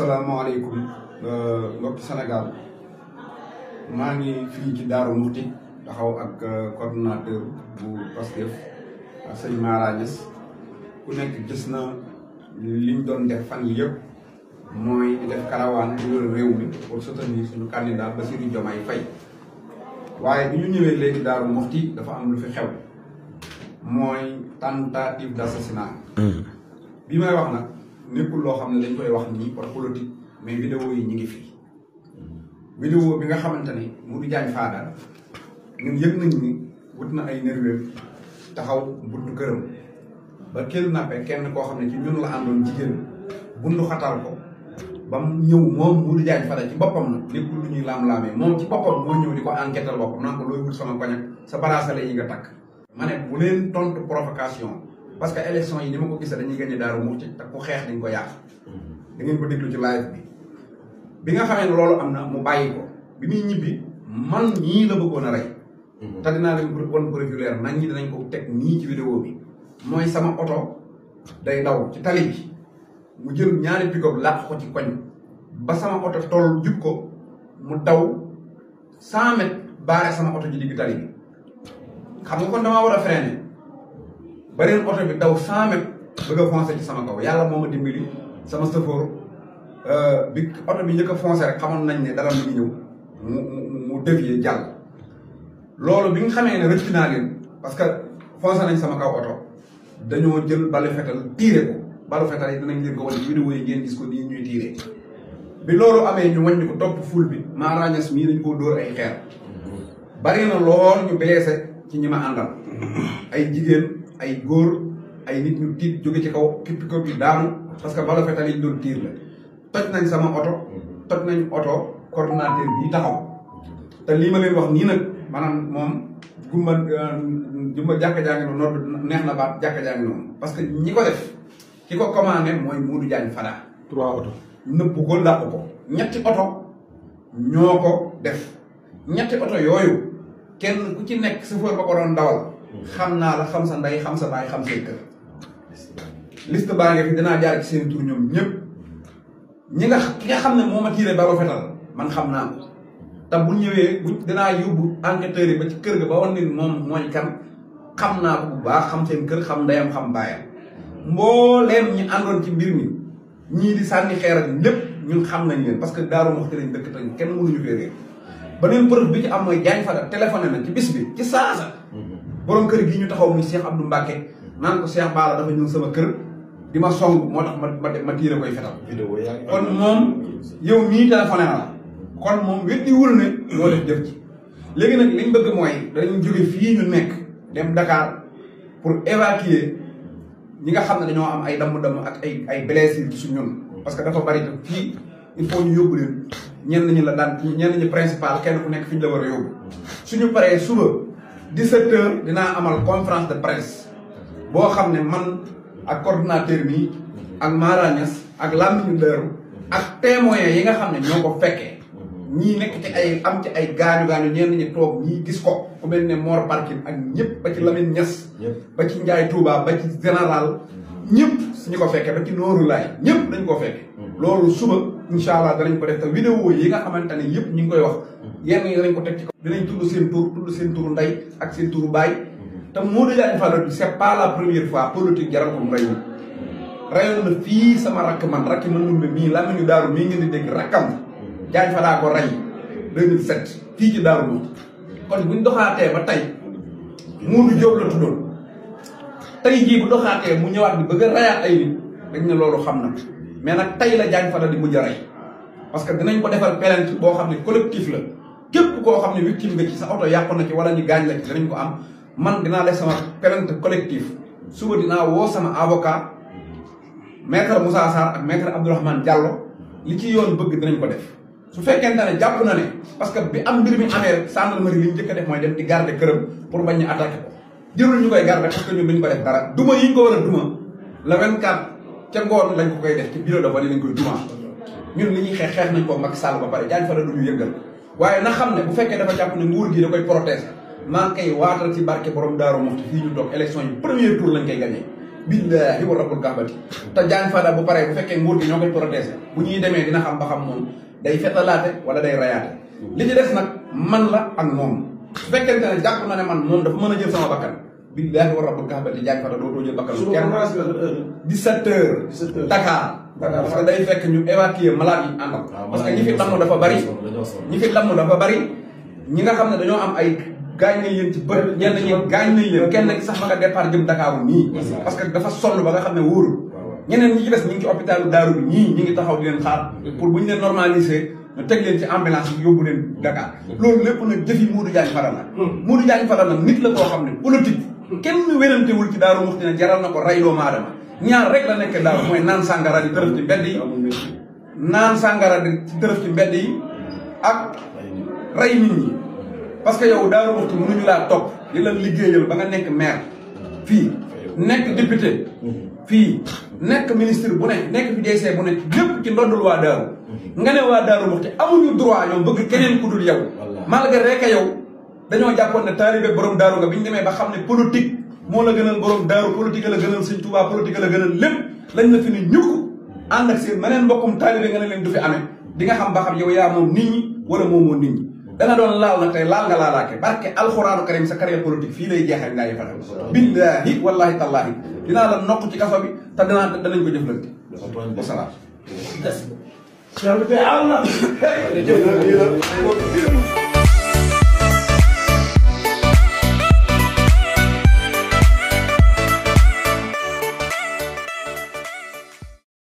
Assalamualaikum, eh, mbokki Sénégal maa ngi fii ci Darou Mouhty taxaw ak eh, coordonnateur bu Pastef ak sëñ Mara Niass ku nekk gis na liñ doon def fan yi yëpp mooy def karawaan bu wër réew mi pour soutenir suñu candidat Bassirou Diomaye Faye waaye bi ñu ñëwee léegi Darou dafa am lu fi xew mooy tentative d'assassinat hmm. bi may wax nag nekkul loo xam ne dañ koy wax nii par politique mais vidéo yi ñu ngi fii vidéo bi nga xamante ni Modou Diagne Fada ñun yëg nañ ni wut na ay nerveux taxaw buntu këram ba kenn nappe kenn koo xam ne ci ñun la àndoon jigéen bundu xatal ko ba mu ñëw moom Modou Diagne Fada ci boppam nag nekkul lu ñuy laam-laamee moom ci boppam moo ñëw di ko enquêtal boppam naan ko looy wut sama koñ sa bracelet yi nga takk ma tontu provocation parce que élection yi ni ma ko gisee dañuy gagné Darou Mouhty te ku xeex dañ ko yàq. Mm-hmm. da ngeen ko déglu ci live bi. bi nga xamee ne loolu am na mu bàyyi ko bi muy ñibbi man ñii la bëggoon a rey. Mm-hmm. te dinaa leen pour bon prévulaire nañ ñi danañ ko teg nii ci vidéo bi. mooy sama oto day daw ci tali bi mu jël ñaari pick-up ci koñ ba sama oto toll jub ko mu daw saa mètres baare sama oto ji digg tali bi xam nga kon damaa war a freiner. beneen oto bi daw 100 mètres bëgg a foncé ci sama kaw yàlla moo ma dimbali sama sëfoor euh, bi oto bi njëkk a foncé rek xamoon nañ ne dara mu ngi ñëw mu mu mu dévier jàll. loolu bi nga xamee ne rëcc naa parce que foncé nañ sama kaw oto dañoo jël balu fetal tiire ko balu fetal yi dinañ leen ko wan vidéo yi ngeen gis ñuy tiire bi loolu amee ñu wàññi ko topp ful bi maaraañas mii dañu koo dóor ay xeer bari na lool ñu blessé ci ñi ma àndal ay jigéen. ay góor ay nit ñu tiit jóge ci kaw kippi ko bi daanu parce que bala fetal yi tiir la toj nañ sama oto toj nañ oto coordonnateur bi taxaw te ma leen wax nii nag maanaam moom gumba euh, gumba jàkka jaa ngi noonu nodd neex na baat jàkka jaa ngi parce que ñi ko def ki ko commandé mooy Modou Diagne Fada trois oto ko ñetti oto ñoo ko def ñetti oto yooyu kenn ku ci nekk chauffeur ba ko doon dawal xam naa la xam sa ndey xam sa baay xam say kër liste baa fi danaa jaar ci seen tur ñoom ñëpp ñi nga ki nga xam ne moo ma tiiree baro fetal man xam naa ko te bu ñëwee bu danaa yóbbu enquêteurs yi ba ci kër ga ba wan ni mooy kan xam naa ko bu baax xam seen kër xam ndeyam xam baayam mbooleem ñi àndoon ci mbir mi ñii di sànni xeer ak ñun xam nañ leen parce que daaru waxtu lañ dëkk tañ kenn mënuñu fee réer beneen preuve bi ñu am mooy jaañ fada téléphoné na ci bis bi ci saasa borom kër gi ñu taxaw muy Cheikh Abdou Mbacke naan ko Cheikh Bara dafa ñëw sama kër di ma song moo tax ma ma tiire koy fetal kon moom yow mii téléphoné na la kon moom weddi wul ne loo def def ci léegi nag liñ bëgg mooy dañu jóge fii ñu nekk dem Dakar pour évacuer ñi nga xam ne dañoo am ay damm-damm ak ay ay blessures su ñun parce que dafa bari te fii il faut ñu yóbbu leen ñenn ñi la daan ñenn ñi principal kenn ku nekk fi la war a yóbbu suñu paree suba 17 heures dinaa amal conférence de presse boo xam ne man ak cordinateur bi ak Mara Niass ak Lamine Dero ak témoins yi nga xam ne ñoo ko fekkee ñii nekk ci ay am ci ay gaañu gaañu ñenn ñi toog ñii gis ko ku mel ne ak ñëpp ba ci Lamine Niass. ba ci njaay Touba ba ci général. ñëpp suñu ko fekkee ba ci Nooru Laay ñëpp dañ ko fekkee. Mm-hmm. loolu suba. inshallah dañ ko def ta vidéo yi nga xamantani yépp ñing koy wax mm-hmm. yenn yi danañ ko tek ci dinañ tuddu seen tour tuddu seen tour nday ak seen tour bay mm-hmm. ta Modou Diagne Fada bi c'est pas la première fois politique jaram ko rayu rayu na mm-hmm. fi sama rak man rak man mun mi la ñu daaru mi ngi di dégg rakkam Diagne Fada ko ray 2007 fi ci daaru mu kon buñ doxate ba tay Modou Diop la tudon tay jii bu doxate mu ñëwaat bi bëgg a ay nit dañ na lolu xam na mais nag tey la jaañ Fada di mujj a rey parce que dinañ ko defal plainte boo xam ne collectif la képp koo xam ne victime nga ci sa oto yàqu na ci wala ñu gaañ la ci dinañ ko am man dinaa def sama plainte collectif suba dinaa woo sama avocat maître Moussa Sarr ak maître Abdourahmane Diallo li ci yoon bëgg dinañ ko def. su fekkente ne jàpp na ne parce que bi am mbir mi amee gendarmerie li ñu njëkk a def mooy dem di garder këram pour bañ ñu attaqué ko jërul ñu koy garder parce que dara duma yi ñu ko war a duma le 24. ca ngoon lañ ko koy def ci bureau de vote lañ koy dumaan ñun li ñuy xeex xeex nañ ko Macky Sall ba pare jaañ fa la du ñu yëngal na xam ne bu fekkee dafa jàpp ne nguur gi da koy protéger maa ngi koy waatal ci barke borom Daaru Muxti fii ñu toog élection yi premier tour lañ koy gagné billaahi wa rabbul kaabati te jaañ fa la pare bu fekkee nguur gi ñoo koy bu ñuy demee dina xam ba xam moom day fetalaate wala day rayaate li ci des nag man la ak moom su fekkente ne jàpp na ne man moom dafa mën a jël sama bakkan billahi wa rabbul kaaba di jaay fa dootoo parce que day fekk ñu évacuer malade yi àndal ah, parce que ñi fi lamm dafa bari ñi fi lamm dafa bari ñi nga xam ne dañoo am ay gaañ nañ leen ci bët ñenn ñi gaañ nañ leen kenn ki sax ma nga départ jëm Dakar nii parce que dafa sonn ba nga xam ne wóorul ñeneen ñi ci des ñi ngi ci hôpitalu Daaru bi ñii ñi ngi taxaw leen xaar mm-hmm. pour bu ñu leen normaliser ñu teg leen ci ambulance yi yóbbu leen Dakar mm-hmm. loolu lépp nag jëfi Modou Diagne Fada la mm-hmm. Modou Diagne Fada koo xam ne politique kenn wérantewul ci daaru muxti ne jaral na ko rey doomu aadama ñaar rek la nekk daal mooy naan sàngara di tërëf ci mbedd yi naan sàngara di tërëf ci mbedd yi ak rey nit ñi parce que yow daaru muxti mënuñu laa topp di la liggéeyal ba nga nekk maire fii nekk député fii nekk ministre bu ne nekk fi DC bu ne lépp ci ndoddul waa daaru nga ne waa daaru muxti amuñu droit yow bëgg keneen ku dul yow malgré que yow dañoo jàppoon ne taalibe borom daaru nga bi ñu demee ba xam ne politique moo la gënal borom daaru politique la gënal sëñ Tuubaa politique la gënal lépp lañ la fi ne ñukk ànd ak seen meneen mbokkum taalibe nga ne leen du fi amee di nga xam ba xam yow yaa moom nit ñi wala moomoo nit ñi danga doon laal nag tey laal nga laalaake barke alxuraanu karim sa carrière politique fii lay jeexal ngaa yi fa billaahi wallaahi tallaahi dinaa la nokk ci kaso